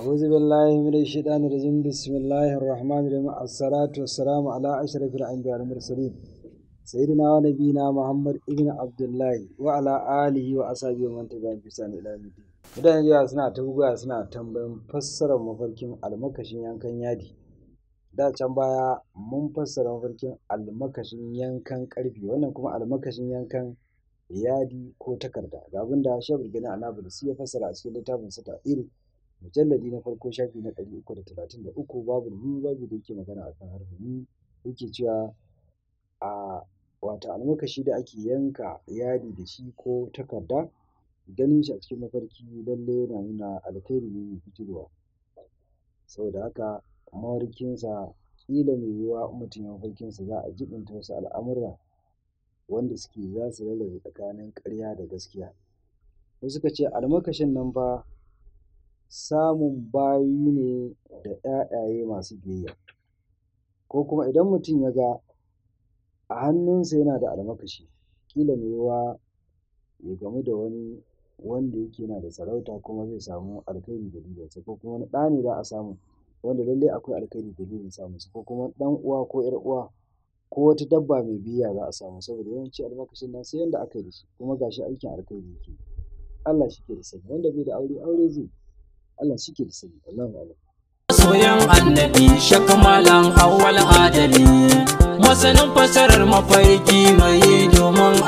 أعوذ بالله من الشيطان الرجيم بسم الله الرحمن الرحيم الصلاة والسلام على أشرف الأنبياء والمرسلين سيدنا ونبينا محمد ابن عبد الله وعلى آله وأصحابه ومن تبعهم بإحسان إلى يوم الدين mutane da suna ta buga suna tambayin fassarar mafarkin almakashin yankan yadi da can baya mun fassara mafarkin almakashin yankan karfi wannan kuma almakashin yankan yadi ko takarda ga abin da shabar gina anabulus ya fassara a cikin littafin sa ta irin mujalladi na farko shafi na ɗari uku da talatin da uku babu ni babu da yake magana akan harfi ni yake cewa a wato almakashi da ake yanka yadi da shi ko takarda ganin shi a cikin mafarki lalle yana nuna alkhairi ne mai fitowa saboda haka mawarkinsa ƙila mai yiwuwa mutum ya mafarkinsa za a jibinta wasu al'amura wanda suke za su rarrabe tsakanin ƙarya da gaskiya wasu suka ce almakashin nan fa samun bayi ne da ƴaƴaye masu biyayya, ko kuma idan mutum ya ga a hannunsa yana da almakashi, ƙila mai yiwuwa ya gamu da wani wanda yake yana da sarauta kuma zai samu alkhairi dalilinsa, ko kuma wani ɗa ne za a samu wanda lallai akwai alkhairi dalilin samunsa, ko kuma ɗan uwa ko ‘yar uwa ko wata dabba mai biyayya za a samu saboda yawanci almakashin nan sai yanda aka yi da shi kuma ga shi aikin alkhairi yake Allah shi ke da sani, wanda bai da aure aure zai Allah shi ke da sani Allahu alam soyan annabi shakamalan awwal adami masanin fasarar mafarki mai domin